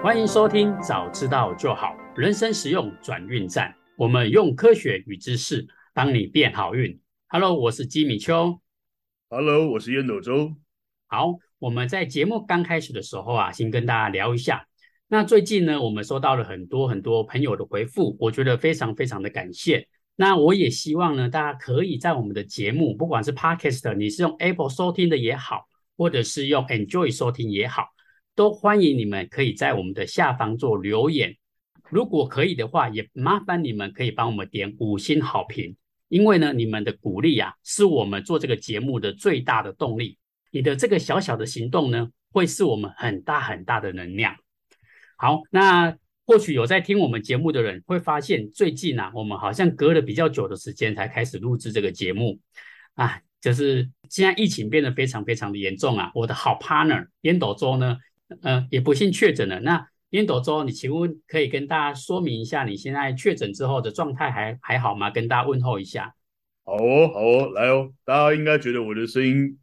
歡迎收聽《早知道就好》，人生實用轉運站。我們用科學與知識，幫你變好運。Hello，我是吉米邱。Hello，我是煙斗周。好，我們在節目剛開始的時候啊，先跟大家聊一下。那最近呢，我們收到了很多很多朋友的回復，我覺得非常非常的感謝。那我也希望呢，大家可以在我們的節目，不管是 Podcast，你是用 Apple 收聽的也好，或者是用 Enjoy 收聽也好。都歡迎你們可以在我們的下方做留言，如果可以的話，也麻煩你們可以幫我們點五星好評，因為呢，你們的鼓勵啊，是我們做這個節目的最大的動力。你的這個小小的行動呢，會是我們很大很大的能量。好，那或許有在聽我們節目的人會發現，最近呢、啊，我們好像隔了比較久的時間才開始錄制這個節目啊，就是現在疫情變得非常非常的嚴重啊，我的好 partner 煙斗周呢。呃，也不幸確診了。那煙斗周，你請問可以跟大家說明一下，你現在確診之後的狀態還還好嗎？跟大家問候一下。好哦，好哦，來哦，大家應該覺得我的聲音，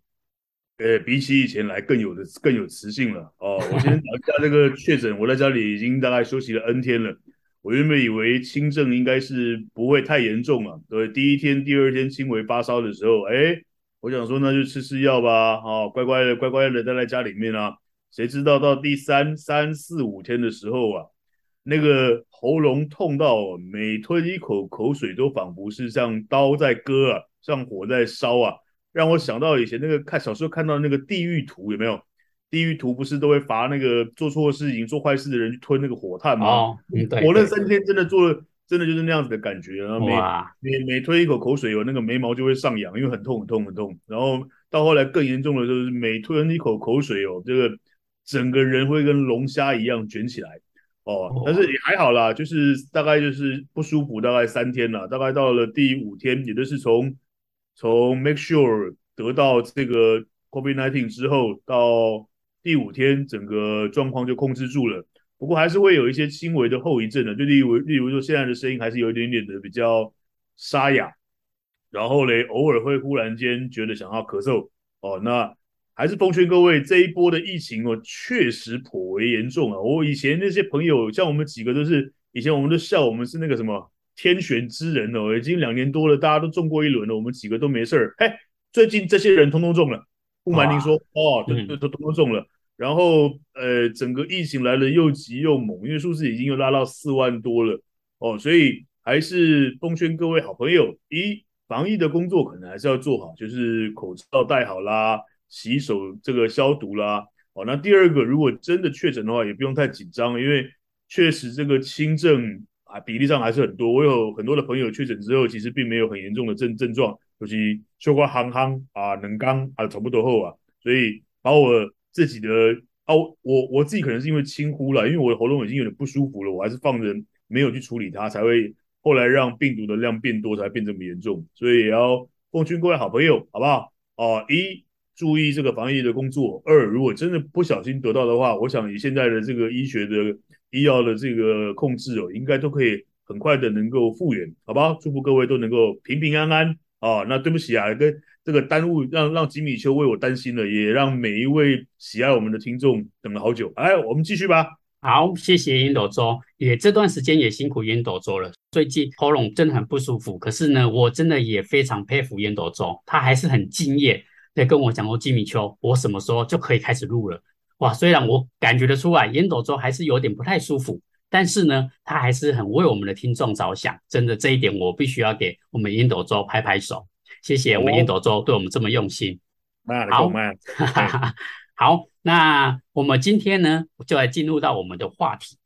呃，比起以前來更有的更有磁性了哦。我先講一下這個確診， 我在家裡已經大概休息了 N 天了。我原本以為輕症應該是不會太嚴重嘛，對，第一天、第二天輕微發燒的時候，哎，我想說那就吃吃藥吧，啊、哦，乖乖的、乖乖的待在家裡面啊。誰知道到第三三四五天的時候啊，那個喉嚨痛到每吞一口口水都仿佛是像刀在割啊，像火在燒啊，讓我想到以前那個看小時候看到那個地獄圖有沒有？地獄圖不是都會罰那個做錯事情做壞事的人去吞那個火炭嗎？哦、oh,，對,對，我那三天真的做了，真的就是那樣子的感覺啊、wow.，每每每吞一口口水，有那個眉毛就會上揚，因為很痛很痛很痛。然後到後來更嚴重的就是每吞一口口水有，這個。整個人會跟龍蝦一樣捲起來，哦，但是也還好啦，就是大概就是不舒服大概三天啦，大概到了第五天，也就是從從 make sure 得到這個 COVID-19 之後，到第五天整個狀況就控制住了。不過還是會有一些輕微的後遺症的，就例如例如說現在的聲音還是有一點點的比較沙啞，然後嘞偶爾會忽然間覺得想要咳嗽，哦，那。還是奉勸各位，這一波的疫情哦，確實頗為嚴重啊！我以前那些朋友，像我們幾個都是，以前我們都笑我們是那個什麼天選之人哦，已經兩年多了，大家都中過一輪了，我們幾個都沒事兒。哎，最近這些人通通中了，不瞞您說哦，啊、都、嗯、都都都、都、都中了。然後呃，整個疫情來了，又急又猛，因為數字已經又拉到四萬多了哦，所以還是奉勸各位好朋友，一，防疫的工作可能還是要做好，就是口罩戴好啦。洗手這個消毒啦，哦，那第二個，如果真的確診的話，也不用太緊張，因為確實這個輕症啊比例上還是很多。我有很多的朋友確診之後，其實並沒有很嚴重的症症狀，尤其嗅瓜哼哼啊、冷剛啊，差不多後啊，所以把我自己的啊，我我自己可能是因為輕忽了，因為我的喉嚨已經有點不舒服了，我還是放着沒有去處理它，才會後來讓病毒的量變多，才變這麼嚴重。所以也要奉勸各位好朋友，好不好？哦、啊，一。注意這個防疫的工作。二，如果真的不小心得到的話，我想以現在的這個醫學的醫藥的這個控制哦，應該都可以很快的能夠復原，好吧？祝福各位都能夠平平安安啊、哦！那對不起啊，跟這個耽誤讓讓吉米邱為我擔心了，也讓每一位喜愛我們的聽眾等了好久。哎，我們繼續吧。好，謝謝煙斗周，也這段時間也辛苦煙斗周了。最近喉嚨真的很不舒服，可是呢，我真的也非常佩服煙斗周，他還是很敬業。也跟我講過，吉米邱，我什麼時候就可以開始錄了？哇，雖然我感覺得出來，煙斗周還是有點不太舒服，但是呢，他還是很為我們的聽眾着想，真的這一點我必須要給我們煙斗周拍拍手，謝謝我們煙斗周對我們這麼用心。哦、好， 好，那我們今天呢，就來進入到我們的話題。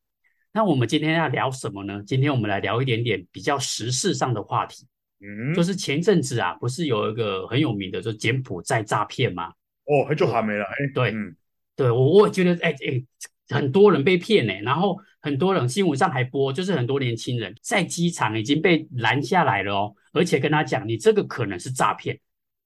那我們今天要聊什麼呢？今天我們來聊一點點比較時事上的話題。嗯、就是前陣子啊，不是有一個很有名的，就是柬埔寨詐騙嗎？哦，還做還沒了，哎、欸，對、嗯，對，我我覺得，哎、欸、誒、欸、很多人被騙呢、欸。然後很多人新聞上還播，就是很多年輕人在機場已經被攔下來了哦，而且跟他講，你這個可能是詐騙。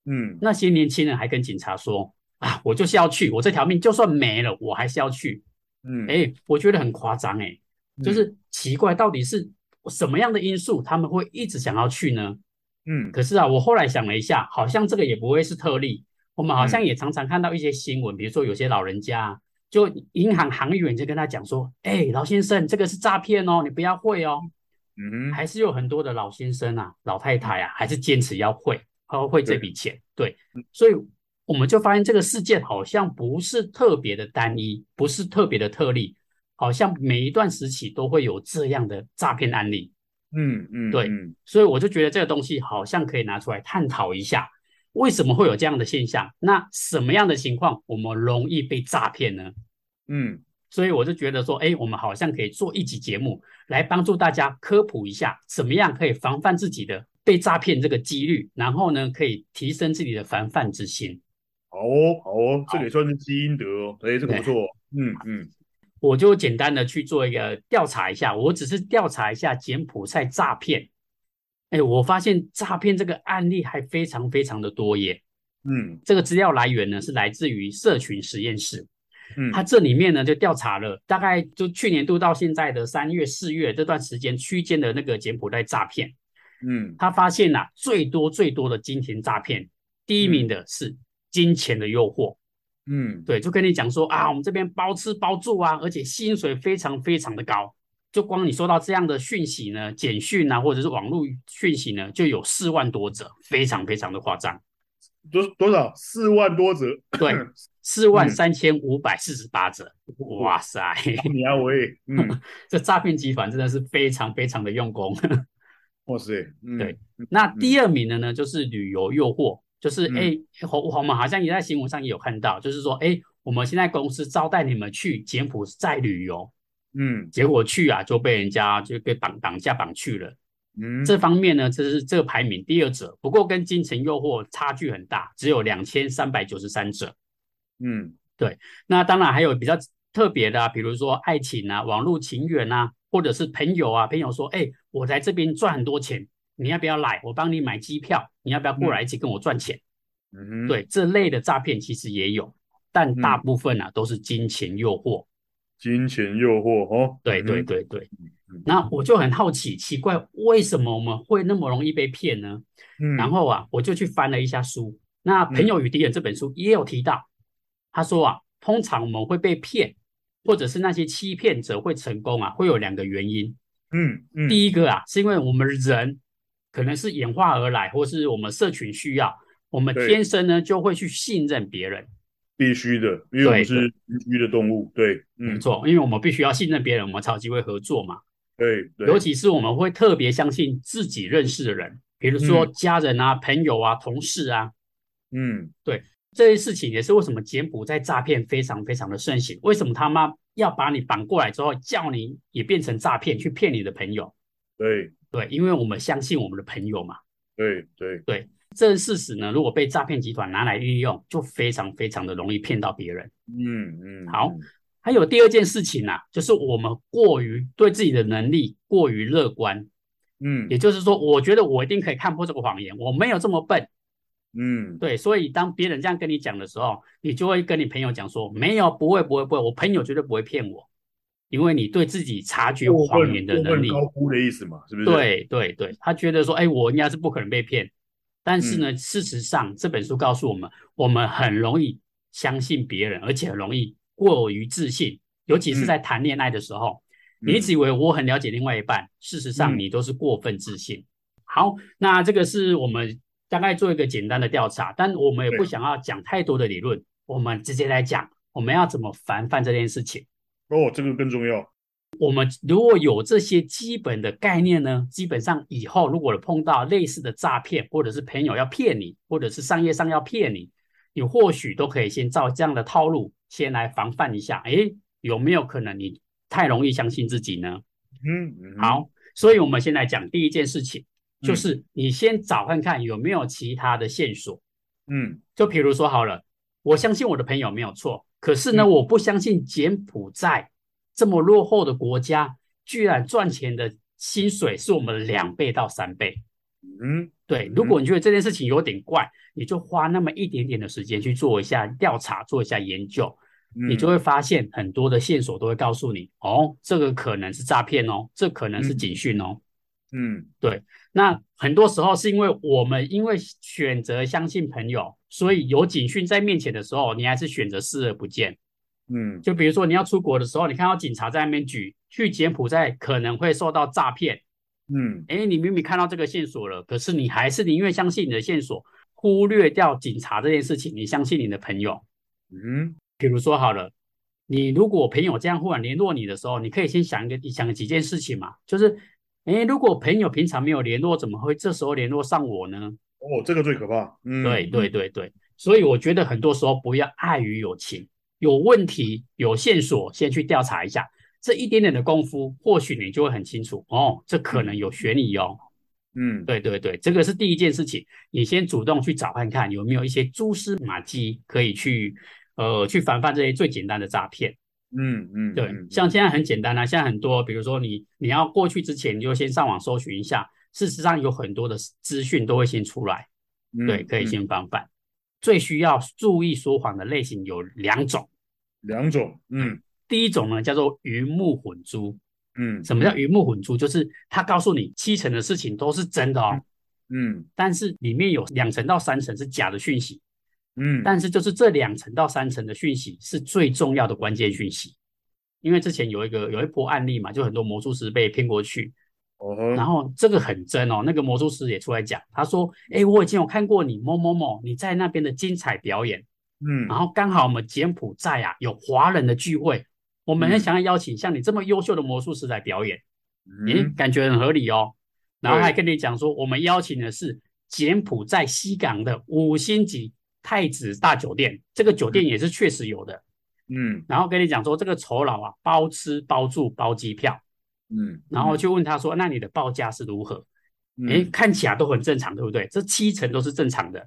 嗯，那些年輕人還跟警察說，啊，我就是要去，我這條命就算沒了，我還是要去。嗯，哎、欸，我覺得很誇張哎，就是奇怪，到底是什麼樣的因素，他們會一直想要去呢？嗯，可是啊，我後來想了一下，好像這個也不會是特例。我們好像也常常看到一些新聞，嗯、比如說有些老人家，就銀行行員就跟他講說：“哎、欸，老先生，這個是詐騙哦，你不要匯哦。”嗯，還是有很多的老先生啊、老太太啊，還是堅持要匯，要匯這筆錢對。對，所以我們就發現這個事件好像不是特別的單一，不是特別的特例，好像每一段時期都會有這樣的詐騙案例。嗯嗯，對，所以我就覺得這個東西好像可以拿出來探討一下，為什麼會有這樣的現象？那什麼樣的情況我們容易被詐騙呢？嗯，所以我就覺得說，哎，我們好像可以做一集節目來幫助大家科普一下，怎麼樣可以防範自己的被詐騙這個幾率，然後呢，可以提升自己的防範之心。好哦，好哦，這裡算是積陰德哦，哎，這個不錯，嗯嗯。嗯我就簡單的去做一個調查一下，我只是調查一下柬埔寨詐騙。哎，我發現詐騙這個案例還非常非常的多耶。嗯，這個資料來源呢是來自於社群實驗室。嗯，他這裡面呢就調查了大概就去年度到現在的三月四月這段時間區間的那個柬埔寨詐騙。嗯，他發現吶，啊，最多最多的金錢詐騙，第一名的是金錢的誘惑。嗯嗯，對，就跟你講說啊，我們這邊包吃包住啊，而且薪水非常非常的高。就光你收到這樣的訊息呢，簡訊啊，或者是網絡訊息呢，就有四萬多則，非常非常的誇張。多多少？四萬多則？對，四萬三千五百四十八則。哇塞！你要為，嗯、 這詐騙集團真的是非常非常的用功。 哇塞、嗯，對。那第二名的呢，呢、嗯，就是旅遊誘惑。就是哎，我我們好像也在新聞上也有看到，就是說哎、欸，我們現在公司招待你們去柬埔寨旅遊，嗯，結果去啊就被人家就給綁綁架綁去了，嗯，這方面呢這是這個、排名第二者，不過跟金錢誘惑差距很大，只有兩千三百九十三者，嗯，對，那當然還有比較特別的、啊，比如說愛情啊、網絡情緣啊，或者是朋友啊，朋友說哎、欸，我在這邊賺很多錢。你要不要來？我幫你買機票。你要不要過來一起跟我賺錢？嗯，對，這類的詐騙其實也有，但大部分啊、嗯、都是金錢誘惑。金錢誘惑，哦。對對對對、嗯。那我就很好奇，奇怪為什麼我們會那麼容易被騙呢？嗯。然後啊，我就去翻了一下書，那《那朋友與敵人》這本書也有提到、嗯，他說啊，通常我們會被騙，或者是那些欺騙者會成功啊，會有兩個原因。嗯嗯。第一個啊，是因為我們人。可能是演化而來，或是我們社群需要。我們天生呢就會去信任別人，必須的，因為我們是必須的動物。對，對，對、嗯，沒錯，因為我們必須要信任別人，我們才有機會合作嘛對。對，尤其是我們會特別相信自己認識的人，比如說家人啊、嗯、朋友啊、同事啊。嗯，對，這些事情也是為什麼柬埔寨詐騙非常非常的盛行。為什麼他媽要把你綁過來之後，叫你也變成詐騙去騙你的朋友？對。對，因為我們相信我們的朋友嘛。對對對，這事實呢，如果被詐騙集團拿來運用，就非常非常的容易騙到別人。嗯嗯。好，還有第二件事情呢、啊，就是我們過於對自己的能力過於樂觀。嗯，也就是說，我覺得我一定可以看破這個謊言，我沒有這麼笨。嗯，對，所以當別人這樣跟你講的時候，你就會跟你朋友講說，沒有，不會，不會，不會，我朋友絕對不會騙我。因為你對自己察覺謊言的能力，過分高估的意思嘛，是不是？對對對，他覺得說，哎，我應該是不可能被騙。但是呢，嗯、事實上這本書告訴我們，我們很容易相信別人，而且很容易過於自信，尤其是在談戀愛的時候，嗯、你一直以為我很了解另外一半、嗯，事實上你都是過分自信。好，那這個是我們大概做一個簡單的調查，但我們也不想要講太多的理論，我們直接來講，我們要怎麼防範這件事情。哦，這個更重要。我們如果有這些基本的概念呢，基本上以後如果碰到類似的詐騙，或者是朋友要騙你，或者是商業上要騙你，你或許都可以先照這樣的套路先來防範一下。哎、欸，有沒有可能你太容易相信自己呢？嗯，嗯，好。所以，我們先來講第一件事情、嗯，就是你先找看看有沒有其他的線索。嗯，就比如說好了，我相信我的朋友沒有錯。可是呢，我不相信柬埔寨這麼落後的國家，居然賺錢的薪水是我們的兩倍到三倍。嗯，對。如果你覺得這件事情有點怪，你就花那麼一點點的時間去做一下調查，做一下研究，嗯、你就會發現很多的線索都會告訴你，哦，這個可能是詐騙哦，這個、可能是警訊哦。嗯嗯，對，那很多時候是因為我們因為選擇相信朋友，所以有警訊在面前的時候，你還是選擇視而不見。嗯，就比如說你要出國的時候，你看到警察在那邊舉，去柬埔寨可能會受到詐騙。嗯，哎，你明明看到這個線索了，可是你還是寧願相信你的線索，忽略掉警察這件事情，你相信你的朋友。嗯，比如說好了，你如果朋友這樣忽然聯絡你的時候，你可以先想一個，想幾件事情嘛，就是。哎，如果朋友平常沒有聯絡，怎麼會這時候聯絡上我呢？哦，這個最可怕。嗯，對對對對、嗯，所以我覺得很多時候不要礙於友情，有問題有線索，先去調查一下，這一點點的功夫，或許你就會很清楚哦，這可能有懸疑哦。嗯，對對對，這個是第一件事情，你先主動去找看看有沒有一些蛛絲馬迹可以去，呃，去防範這些最簡單的詐騙。嗯嗯，對，像現在很簡單啊，現在很多，比如說你你要過去之前，你就先上網搜尋一下，事實上有很多的資訊都會先出來，嗯、對，可以先防範、嗯。最需要注意說謊的類型有兩種，兩種嗯，嗯，第一種呢叫做魚目混珠，嗯，什麼叫魚目混珠？就是他告訴你七成的事情都是真的哦，嗯，嗯但是裡面有兩成到三成是假的訊息。嗯，但是就是這兩層到三層的訊息是最重要的關鍵訊息，因為之前有一個有一波案例嘛，就很多魔術師被騙過去，哦，然後這個很真哦，那個魔術師也出來講，他說，哎，我已經有看過你某某某你在那邊的精彩表演，嗯，然後剛好我們柬埔寨啊有華人的聚會，我們很想要邀請像你這麼優秀的魔術師來表演，嗯，感覺很合理哦，然後還跟你講說，我們邀請的是柬埔寨西港的五星級。太子大酒店，這個酒店也是確實有的，嗯，然後跟你講說這個酬勞啊，包吃包住包機票，嗯，然後就問他說，嗯、那你的報價是如何？哎、嗯，看起來都很正常，對不對？這七成都是正常的，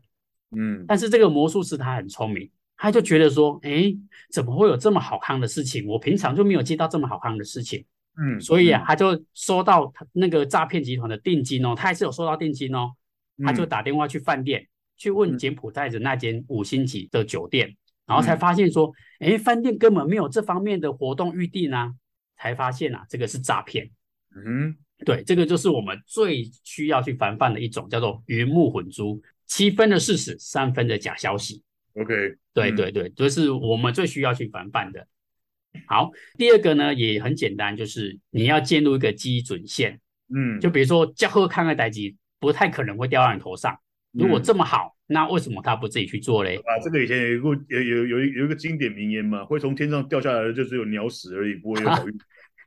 嗯，但是這個魔術師他很聰明，他就覺得說，誒，怎麼會有這麼好康的事情？我平常就沒有接到這麼好康的事情，嗯，所以啊，嗯、他就收到他那個詐騙集團的定金哦，他還是有收到定金哦，他就打電話去飯店。嗯嗯去問柬埔寨的那間五星級的酒店，嗯、然後才發現說，哎，飯店根本沒有這方面的活動預定呢、啊。才發現啊，這個是詐騙。嗯，對，這個就是我們最需要去防範的一種，叫做魚目混珠，七分的事實，三分的假消息。OK，對、嗯、對，對對，就是我們最需要去防範的。好，第二個呢也很簡單，就是你要建立一個基準線。嗯，就比如說，健康康的袋子不太可能會掉到你頭上。如果這麼好、嗯，那為什麼他不自己去做嘞？啊，這個以前有個有有有一有一個經典名言嘛，會從天上掉下來的，就是有鳥屎而已，不會有好運。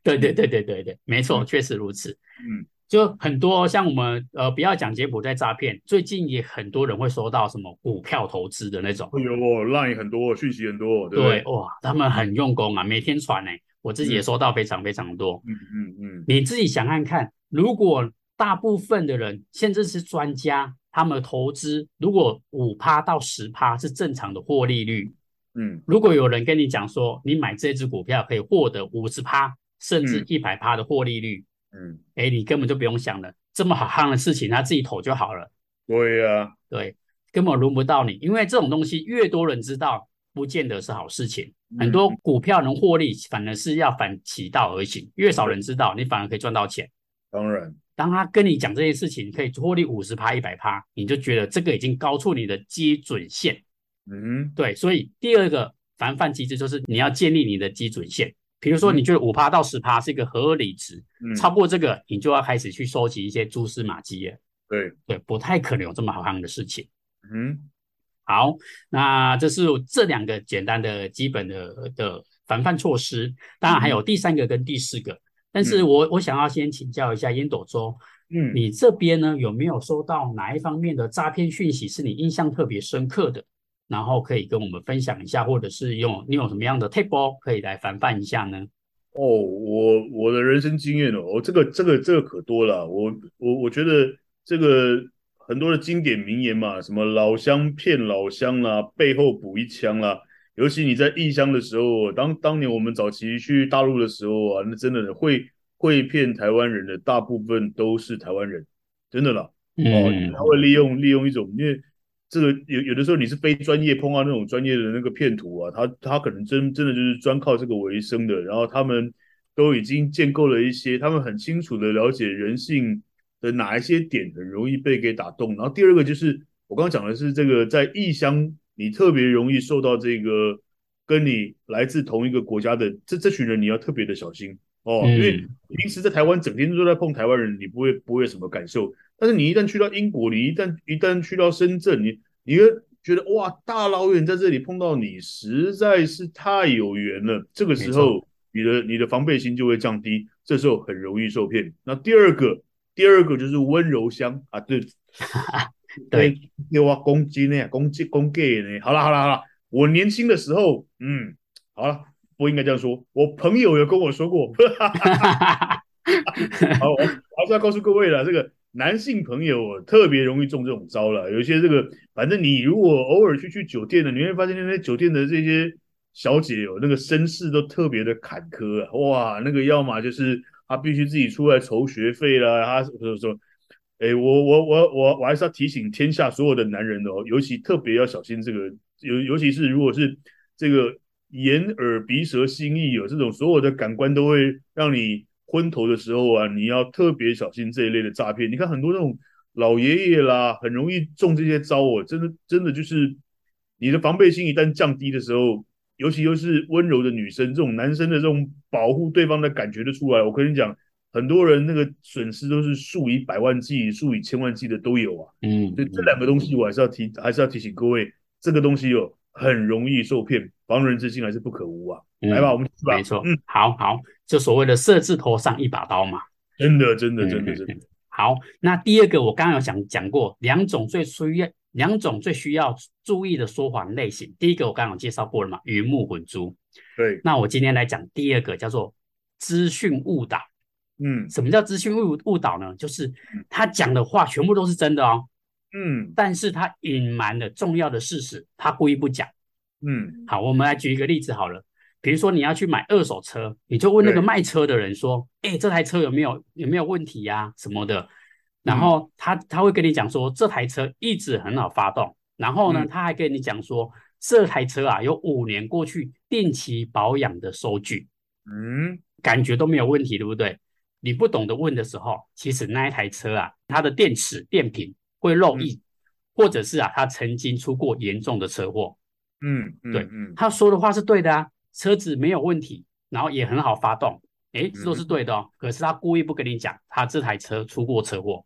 對 對對對對對，沒錯，確、嗯、實如此。嗯，就很多像我們呃，不要講柬埔寨在詐騙，最近也很多人會收到什麼股票投資的那種。哎、嗯、呦，LINE、哦、也很多，訊息很多。對，對哇，他們很用功啊，每天傳哎、欸，我自己也收到非常非常多。嗯嗯嗯，嗯，你自己想想看，看，如果大部分的人，甚至是專家，他們投資，如果五趴到十趴是正常的獲利率，嗯，如果有人跟你講說，你買這支股票可以獲得五十趴甚至一百趴的獲利率，嗯，哎，你根本就不用想了，這麼好康的事情，他自己投就好了。對啊，對，根本輪不到你，因為這種東西越多人知道，不見得是好事情。很多股票能獲利，反而是要反其道而行，越少人知道，你反而可以賺到錢。當然。當他跟你講這些事情，你可以獲利五十趴、一百趴，你就覺得這個已經高出你的基準線，嗯，對。所以第二個防範機制就是你要建立你的基準線，比如說你覺得五趴到十趴是一個合理值，嗯，超過這個你就要開始去收集一些蛛絲馬迹了。對，嗯，對，不太可能有這麼好看的事情。嗯，好，那這是這兩個簡單的基本的的防範措施。當然還有第三個跟第四個。嗯但是我、嗯、我想要先請教一下煙斗周，嗯，你這邊呢，有沒有收到哪一方面的詐騙訊息是你印象特別深刻的？然後可以跟我們分享一下，或者是用你有什麼樣的 table 可以來防範一下呢？哦，我我的人生經驗哦，這個這個這個可多了。我我我覺得這個很多的經典名言嘛，什麼老鄉騙老鄉啦、啊，背後補一槍啦、啊。尤其你在異鄉的時候，當當年我們早期去大陸的時候啊，那真的會會騙台灣人的，大部分都是台灣人，真的啦。嗯，他會利用利用一種，因為這個有有的時候你是非專業碰到那種專業的那個騙徒啊，他他可能真真的就是專靠這個為生的。然後他們都已經建構了一些，他們很清楚的了解人性的哪一些點很容易被給打動。然後第二個就是我剛剛講的是這個在異鄉。你特別容易受到這個跟你來自同一個國家的這這群人，你要特別的小心哦，嗯、因為平時在台灣整天都在碰台灣人，你不會不會什麼感受。但是你一旦去到英國，你一旦一旦去到深圳，你你會覺得哇，大老遠在這裡碰到你實在是太有緣了，這個時候你的你的防備心就會降低，這時候很容易受騙。那第二個，第二個就是溫柔鄉啊，對。 對，又要攻擊呢，攻擊攻擊呢。好了好了好了，我年輕的時候，嗯，好了，不應該這樣說。我朋友有跟我說過。哈哈哈哈 好，我還是要告訴各位了，這個男性朋友特別容易中這種招了。有些這個，反正你如果偶爾去去酒店的，你會發現那些酒店的這些小姐有、喔、那個身世都特別的坎坷啊。哇，那個要麼就是他必須自己出來籌學費了，他什麼什麼。哎，我我我我我還是要提醒天下所有的男人哦，尤其特別要小心這個，尤尤其是如果是這個眼耳鼻舌心意哦，這種所有的感官都會讓你昏頭的時候啊，你要特別小心這一類的詐騙。你看很多那種老爺爺啦，很容易中這些招哦，真的真的就是你的防備心一旦降低的時候，尤其又是溫柔的女生，這種男生的這種保護對方的感覺的出來，我跟你講。很多人那個損失都是數以百萬計、數以千萬計的都有啊。嗯，嗯這這兩個東西我還是要提、嗯，還是要提醒各位，這個東西哦很容易受騙，防人之心還是不可無啊。嗯、來吧，我們去吧。沒錯，嗯，好好，就所謂的色字頭上一把刀嘛。真的，真的，真的，嗯、真的，真的。好，那第二個我剛剛有想講過兩種最需要兩種最需要注意的說法類型。第一個我剛剛有介紹過了嘛，魚目混珠。對。那我今天來講第二個，叫做資訊誤導。嗯，什麼叫資訊誤誤導呢？就是他講的話全部都是真的哦嗯。嗯，但是他隱瞞了重要的事實，他故意不講。嗯，好，我們來舉一個例子好了。比如說你要去買二手車，你就問那個賣車的人說：“哎，這台車有沒有有沒有問題呀、啊？什麼的？”然後他他會跟你講說：“這台車一直很好發動。”然後呢、嗯，他還跟你講說：“這台車啊，有五年過去定期保養的收據。”嗯，感覺都沒有問題，對不對？你不懂得問的時候，其實那一台車啊，它的電池電瓶會漏液、嗯，或者是啊，它曾經出過嚴重的車禍。嗯對嗯，他說的話是對的啊，車子沒有問題，然後也很好發動，嗯、誒這都是對的哦。可是他故意不跟你講，他這台車出過車禍。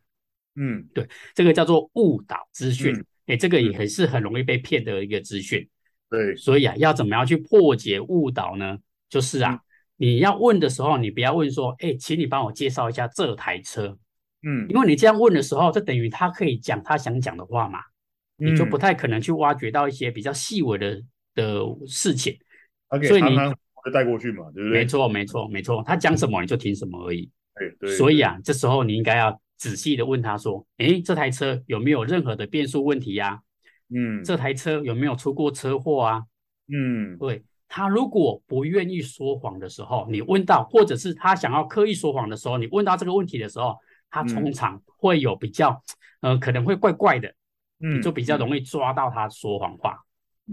嗯，對，這個叫做誤導資訊，嗯、誒這個也很是很容易被騙的一個資訊。對、嗯，所以啊，要怎麼樣去破解誤導呢？就是啊。嗯你要問的時候，你不要問說：“哎，請你幫我介紹一下這台車。”嗯，因為你這樣問的時候，就等於他可以講他想講的話嘛，嗯、你就不太可能去挖掘到一些比較細微的的事情。Okay, 所以你他他帶過去嘛對不對？沒錯，沒錯，沒錯。他講什麼你就聽什麼而已。嗯、對，對。所以啊，這時候你應該要仔細的問他說：“誒，這台車有沒有任何的變速問題呀、啊？嗯，這台車有沒有出過車禍啊？嗯，對。”他如果不願意說謊的時候，你問到，或者是他想要刻意說謊的時候，你問到這個問題的時候，他通常會有比較，嗯、呃，可能會怪怪的，嗯，你就比較容易抓到他說謊話，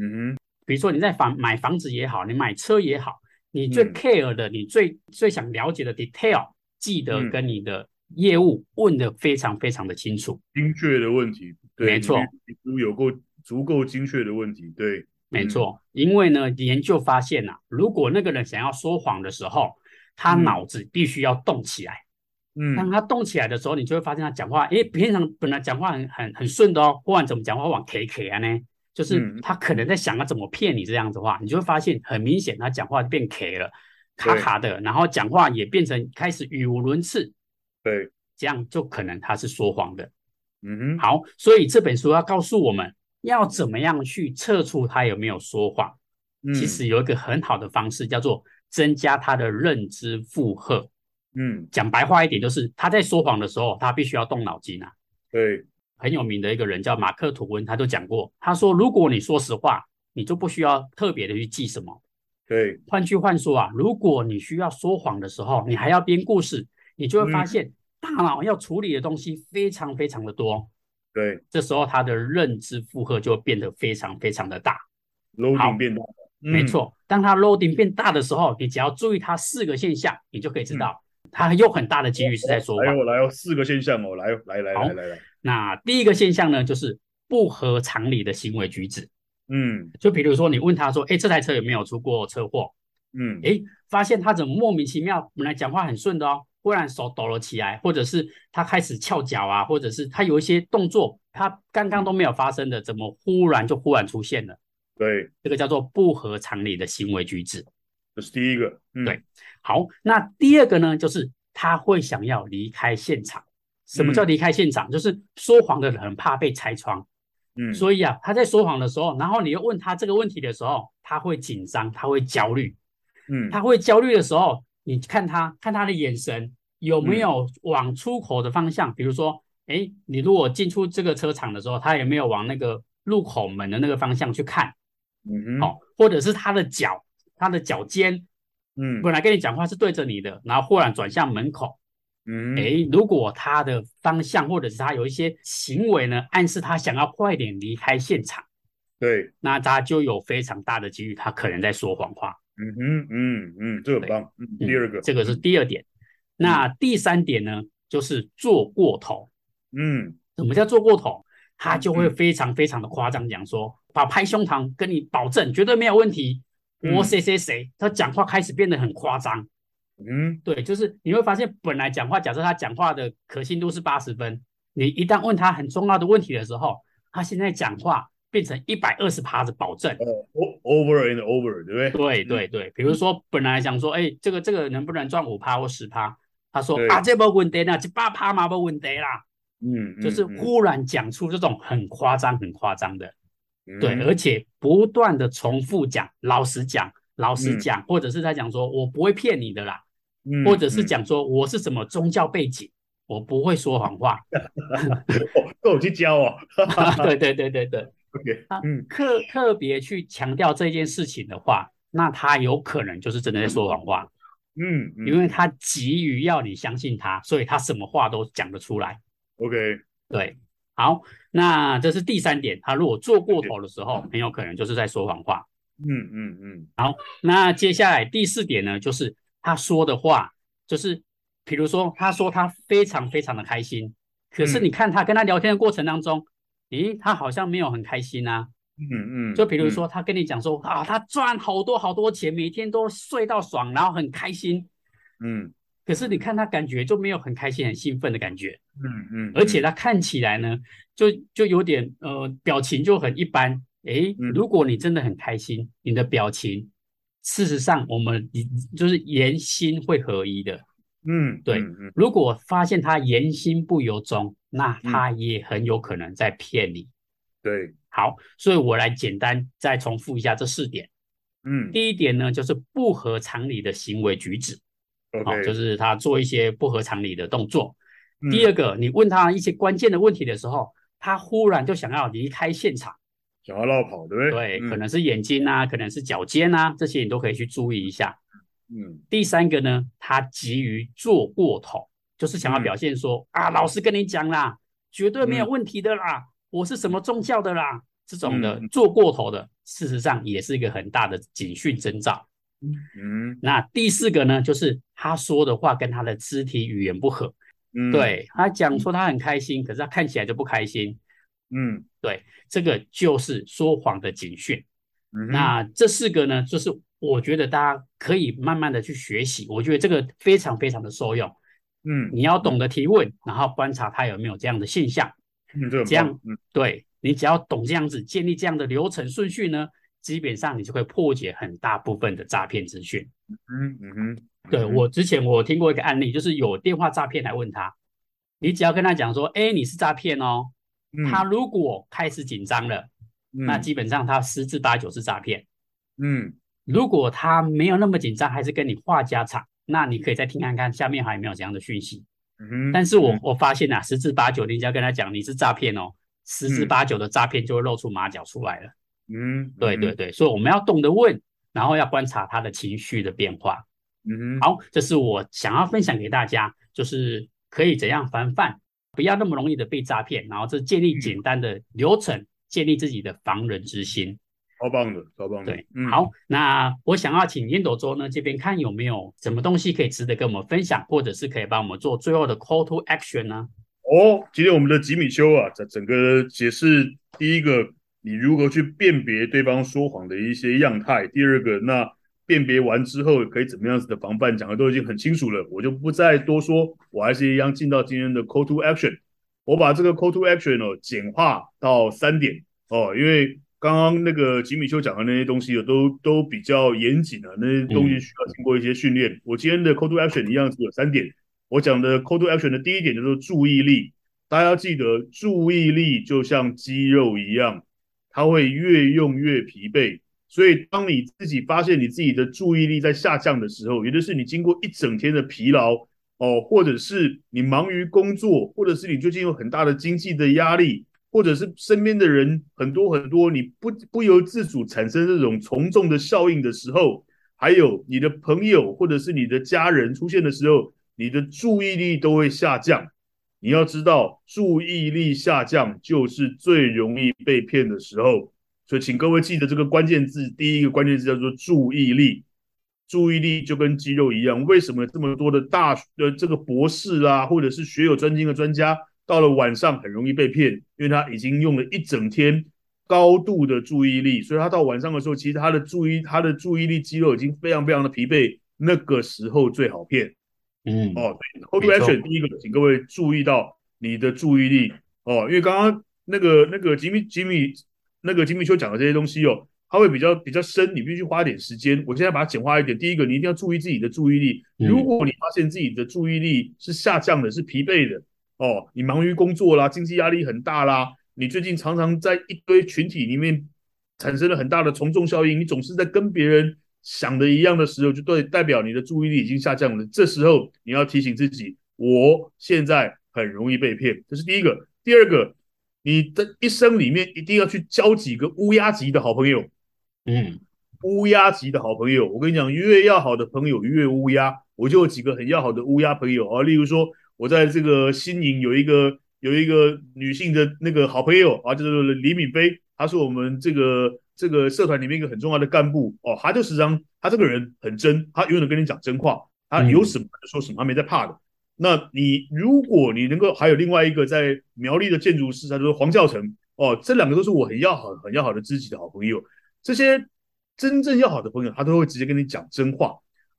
嗯，比如說你在房買房子也好，你買車也好，你最 care 的，嗯、你最最想了解的 detail，記得跟你的業務問得非常非常的清楚，精確的問題，對，沒錯，你有夠足夠精確的問題，對。沒錯，因為呢，研究發現吶、啊，如果那個人想要說謊的時候，他腦子必須要動起來。嗯，當他動起來的時候，你就會發現他講話，嗯、誒平常本來講話很很很順的哦，不管怎麼講話往卡卡啊呢？就是他可能在想要怎麼騙你這樣子話，你就會發現很明顯他講話變卡了，卡卡的，然後講話也變成開始語無倫次。對，這樣就可能他是說謊的。嗯哼，好，所以這本書要告訴我們。要怎麼樣去測出他有沒有說謊？嗯，其實有一個很好的方式，叫做增加他的認知負荷。嗯，講白話一點，就是他在說謊的時候，他必須要動腦筋啊。對，很有名的一個人叫馬克吐溫，他都講過，他說，如果你說實話，你就不需要特別的去記什麼。對，換句話說啊，如果你需要說謊的時候，你還要編故事，你就會發現大腦要處理的東西非常非常的多。對，這時候他的認知負荷就變得非常非常的大，loading 變大，嗯，沒錯。當他 loading 變大的時候，你只要注意他四個現象，你就可以知道他有、嗯、很大的機率是在說話哦。來我、哦、來哦，四個現象我來哦，來來來來來。那第一個現象呢，就是不合常理的行為舉止。嗯，就比如說你問他說：“哎，這台車有沒有出過車禍？”嗯，哎，發現他怎麼莫名其妙，本來講話很順的哦。忽然手抖了起來，或者是他開始翹腳啊，或者是他有一些動作，他剛剛都沒有發生的，怎麼忽然就忽然出現了？對，這個叫做不合常理的行為舉止，這是第一個，嗯。對，好，那第二個呢，就是他會想要離開現場。什麼叫離開現場？嗯，就是說謊的人很怕被拆穿，嗯，所以啊，他在說謊的時候，然後你又問他這個問題的時候，他會緊張，他會焦慮，嗯，他會焦慮的時候。你看他看他的眼神有沒有往出口的方向？嗯、比如說，哎、欸，你如果進出這個車場的時候，他有沒有往那個入口門的那個方向去看？嗯，嗯，哦，或者是他的腳，他的腳尖，嗯，本來跟你講話是對着你的，然後忽然轉向門口，嗯，嗯，哎、欸，如果他的方向或者是他有一些行為呢，暗示他想要快點離開現場，對，那他就有非常大的幾率，他可能在說謊話。嗯嗯嗯嗯，這個很棒、嗯。第二個、嗯，這個是第二點、嗯。那第三點呢，就是做過頭。嗯，什麼叫做過頭？他就會非常非常的誇張，講說，把拍胸膛，跟你保證，絕對沒有問題。我誰誰誰，他講話開始變得很誇張。嗯，對，就是你會發現，本來講話，假設他講話的可信度是八十分，你一旦問他很重要的問題的時候，他現在講話。變成一百二十趴的保證、uh,，over and over，對、right? 不對？對對對、嗯，比如說本來想說，哎、嗯，這個這個能不能賺五趴或十趴？他說啊，這不穩得啦，七八趴嘛不穩得啦，嗯，就是忽然講出這種很誇張、很誇張的、嗯，對，而且不斷的重複講，老實講，老實講，嗯、或者是在講說我不會騙你的啦，嗯、或者是講說、嗯、我是什麼宗教背景，我不會說謊話，我去教啊，對對對對對。對對對對 OK，嗯、mm -hmm.，特特別去強調這件事情的話，那他有可能就是真的在說謊話，嗯、mm -hmm.，mm -hmm. 因為他急於要你相信他，所以他什麼話都講得出來。OK，對，好，那這是第三點，他如果做過頭的時候，okay. 很有可能就是在說謊話。嗯嗯嗯，好，那接下來第四點呢，就是他說的話，就是比如說他說他非常非常的開心，可是你看他跟他聊天的過程當中。Mm -hmm. 咦，他好像沒有很開心吶、啊。嗯嗯，就比如說，他跟你講說、嗯、啊，他賺好多好多錢，每天都睡到爽，然後很開心。嗯，可是你看他感覺就沒有很開心、很興奮的感覺。嗯嗯、嗯，而且他看起來呢，就就有點呃，表情就很一般。誒、嗯，如果你真的很開心，你的表情，事實上我們就是言心會合一的。嗯，對。如果發現他言心不由衷，那他也很有可能在騙你、嗯。對，好，所以我來簡單再重複一下這四點。嗯，第一點呢，就是不合常理的行為舉止，好、嗯，哦 okay. 就是他做一些不合常理的動作、嗯。第二個，你問他一些關鍵的問題的時候，他忽然就想要離開現場，想要落跑，對不對？對、嗯，可能是眼睛啊，可能是腳尖啊，這些你都可以去注意一下。嗯，第三個呢，他急於做過頭，就是想要表現說、嗯、啊，老師跟你講啦，絕對沒有問題的啦，嗯、我是什麼宗教的啦，這種的做、嗯、過頭的，事實上也是一個很大的警訊徵兆。嗯，那第四個呢，就是他說的話跟他的肢體語言不合。嗯，對，他講說他很開心、嗯，可是他看起來就不開心。嗯，對，這個就是說謊的警訊。嗯、那這四個呢，就是。我覺得大家可以慢慢的去學習，我覺得這個非常非常的受用。嗯，你要懂得提問、嗯，然後觀察他有沒有這樣的現象。嗯，這、嗯這樣，對，你只要懂這樣子建立這樣的流程順序呢，基本上你就會破解很大部分的詐騙資訊。嗯嗯嗯，對，我之前我有聽過一個案例，就是有電話詐騙來問他，你只要跟他講說，哎，你是詐騙哦、嗯。他如果開始緊張了、嗯，那基本上他十之八九是詐騙。嗯。嗯如果他沒有那麼緊張，還是跟你話家常，那你可以再聽看看下面還有沒有這樣的訊息。嗯，但是我、嗯、我發現呢、啊，十之八九人家跟他講你是詐騙哦，十之八九的詐騙就會露出馬腳出來了。嗯，對對對，所以我們要懂得問，然後要觀察他的情緒的變化。嗯，好，這是我想要分享給大家，就是可以怎樣防範，不要那麼容易的被詐騙，然後就建立簡單的流程、嗯，建立自己的防人之心。超棒的，超棒的。對，嗯、好，那我想要請煙斗周呢，這邊看有沒有什麼東西可以值得跟我們分享，或者是可以幫我們做最後的 call to action 呢？哦，今天我們的吉米邱啊，整整個解釋第一個，你如何去辨別對方說謊的一些樣態；第二個，那辨別完之後可以怎麼樣子的防範，講的都已經很清楚了，我就不再多說。我還是一樣進到今天的 call to action，我把這個 call to action 呢、哦、簡化到三點哦，因為。剛剛那個吉米邱講的那些東西都都比較嚴謹的、啊，那些東西需要經過一些訓練。嗯、我今天的 call to action 一樣只有三點，我講的 call to action 的第一點就是注意力。大家要記得，注意力就像肌肉一樣，它會越用越疲憊。所以，當你自己發現你自己的注意力在下降的時候，也就是你經過一整天的疲勞哦、呃，或者是你忙於工作，或者是你最近有很大的經濟的壓力。或者是身邊的人很多很多，你不不由自主產生這種從眾的效應的時候，還有你的朋友或者是你的家人出現的時候，你的注意力都會下降。你要知道，注意力下降就是最容易被騙的時候。所以，請各位記得這個關鍵字，第一個關鍵字叫做注意力。注意力就跟肌肉一樣，為什麼這麼多的大，呃，這個博士啊，或者是學有專精的專家，到了晚上很容易被騙，因為他已經用了一整天高度的注意力，所以他到晚上的時候，其實他的注意他的注意力肌肉已經非常非常的疲憊，那個時候最好騙。嗯哦，對，後邊來選第一個，請各位注意到你的注意力哦，因為剛剛那個那個吉米吉米那個吉米邱講的這些東西哦，他會比較比較深，你必須花點時間。我現在把它簡化一點，第一個你一定要注意自己的注意力，如果你發現自己的注意力是下降的，是疲憊的。嗯哦，你忙於工作啦，經濟壓力很大啦，你最近常常在一堆群體裡面產生了很大的從眾效應，你總是在跟別人想的一樣的時候，就對代表你的注意力已經下降了。這時候你要提醒自己，我現在很容易被騙，這是第一個。第二個，你的一生裡面一定要去交幾個烏鴉級的好朋友，嗯，烏鴉級的好朋友。我跟你講，越要好的朋友越烏鴉。我就有幾個很要好的烏鴉朋友啊，哦，例如說。我在這個新營有一個有一個女性的那個好朋友啊，就是李敏飛，她是我們這個這個社團裡面一個很重要的幹部哦。她就時常，她這個人很真，她永遠跟你講真話，她有什麼就說什麼，她沒在怕的。嗯、那你如果你能夠還有另外一個在苗栗的建築師，他就是黃孝成哦，這兩個都是我很要好的很要好的知己的好朋友。這些真正要好的朋友，他都會直接跟你講真話，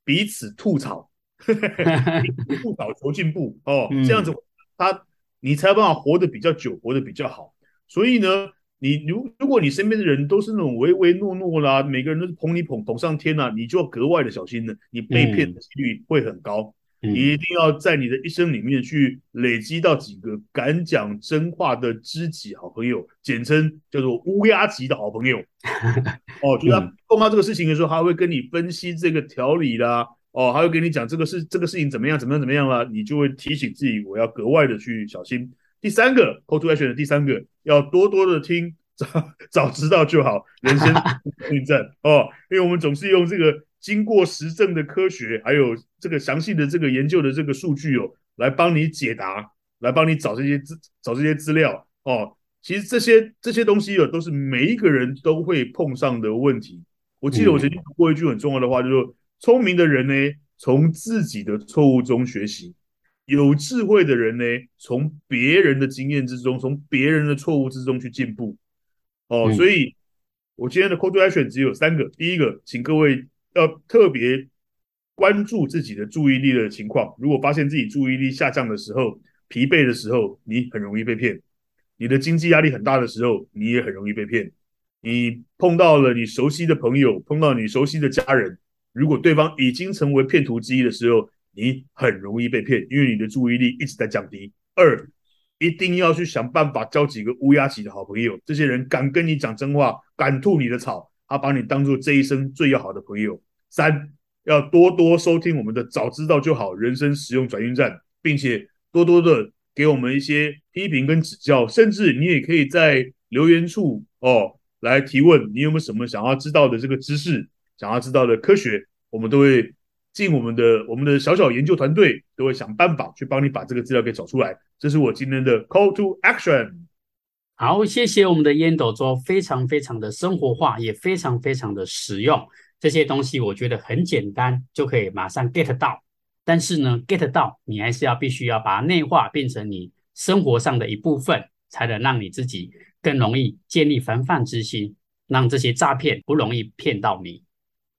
彼此吐槽。 不找求進步哦，這樣子他你才有辦法活得比較久，活得比較好。所以呢，你如如果你身邊的人都是那種唯唯諾諾啦，每個人都是捧你捧捧上天啦，啊，你就要格外的小心了。你被騙的幾率會很高。你一定要在你的一生裡面去累積到幾個敢講真話的知己好朋友，簡稱叫做烏鴉級的好朋友。哦，就是碰到這個事情的時候，他會跟你分析這個條理啦。哦，還會跟你講這個事，這個事情怎麼樣怎麼樣怎麼樣了、啊，你就會提醒自己，我要格外的去小心。第三個 call to action 的第三個，要多多的聽，早早知道就好，人生辯證哦。因為我們總是用這個經過實證的科學，還有這個詳細的這個研究的這個數據哦，來幫你解答，來幫你找這些資找這些資料哦。其實這些這些東西哦，都是每一個人都會碰上的問題。我記得我曾經讀過一句很重要的話，就是說，聰明的人呢，從自己的錯誤中學習；有智慧的人呢，從別人的經驗之中，從別人的錯誤之中去進步。哦，嗯。所以我今天的 call to action 只有三個。第一個，請各位要特別關注自己的注意力的情況。如果發現自己注意力下降的時候，疲憊的時候，你很容易被騙；你的經濟壓力很大的時候，你也很容易被騙。你碰到了你熟悉的朋友，碰到你熟悉的家人。如果對方已經成為騙徒之一的時候，你很容易被騙，因為你的注意力一直在降低。二，一定要去想辦法交幾個烏鴉嘴的好朋友，這些人敢跟你講真話，敢吐你的草，他把你當做這一生最要好的朋友。三，要多多收聽我們的《早知道就好》人生實用轉運站，並且多多的給我們一些批評跟指教，甚至你也可以在留言處哦來提問，你有沒有什麼想要知道的這個知識？想要知道的科學，我們都會進我們的我們的小小研究團隊，都會想辦法去幫你把這個資料給找出來。這是我今天的 call to action。好，謝謝我們的煙斗周，非常非常的生活化，也非常非常的實用。這些東西我覺得很簡單，就可以馬上 get 到。但是呢，get 到你還是要必須要把它內化變成你生活上的一部分，才能讓你自己更容易建立防範之心，讓這些詐騙不容易騙到你。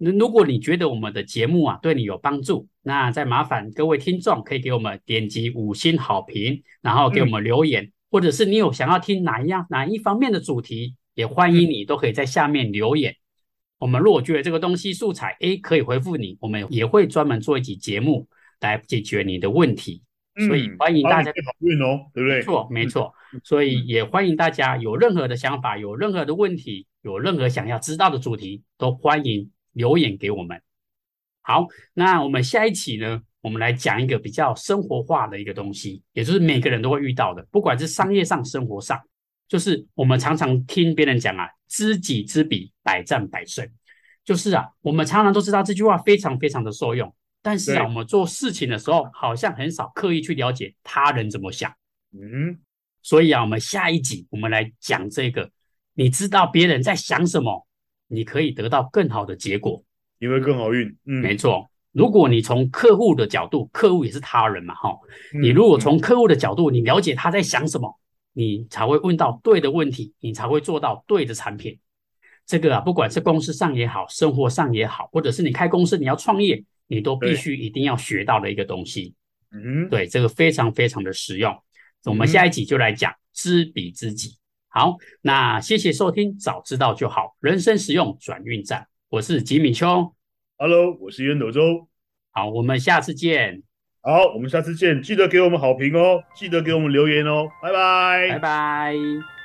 那如果你覺得我們的節目啊，對你有幫助，那再麻煩各位聽眾可以給我們點擊五星好評，然後給我們留言，嗯、或者是你有想要聽哪一樣哪一方面的主題，也歡迎你、嗯、都可以在下面留言。我們若覺得這個東西素材哎可以回復你，我們也會專門做一集節目來解決你的問題。嗯、所以歡迎大家、嗯、好，好運哦，對不對？沒錯，沒錯。所以也歡迎大家有任何的想法，有任何的問題，有任何想要知道的主題，都歡迎。留言給我們。好，那我們下一期呢，我們來講一個比較生活化的一個東西，也就是每個人都會遇到的，不管是商業上、生活上，就是我們常常聽別人講啊，“知己知彼，百戰百勝。”就是啊，我們常常都知道這句話非常非常的受用，但是啊，我們做事情的時候，好像很少刻意去了解他人怎麼想。嗯，所以啊，我們下一集我們來講這個，你知道別人在想什麼。你可以得到更好的結果，因為更好運。嗯，沒錯。如果你從客戶的角度，客戶也是他人嘛，哈。你如果從客戶的角度，你了解他在想什麼，你才會問到對的問題，你才會做到對的產品。這個啊，不管是公司上也好，生活上也好，或者是你開公司你要創業，你都必須一定要學到的一個東西。嗯，對，這個非常非常的實用。我們下一集就來講知彼知己。好，那謝謝收聽，早知道就好，人生實用轉運站，我是吉米邱。Hello，我是煙斗周。好，我們下次見。好，我們下次見，記得給我們好評哦，記得給我們留言哦，拜拜，拜拜。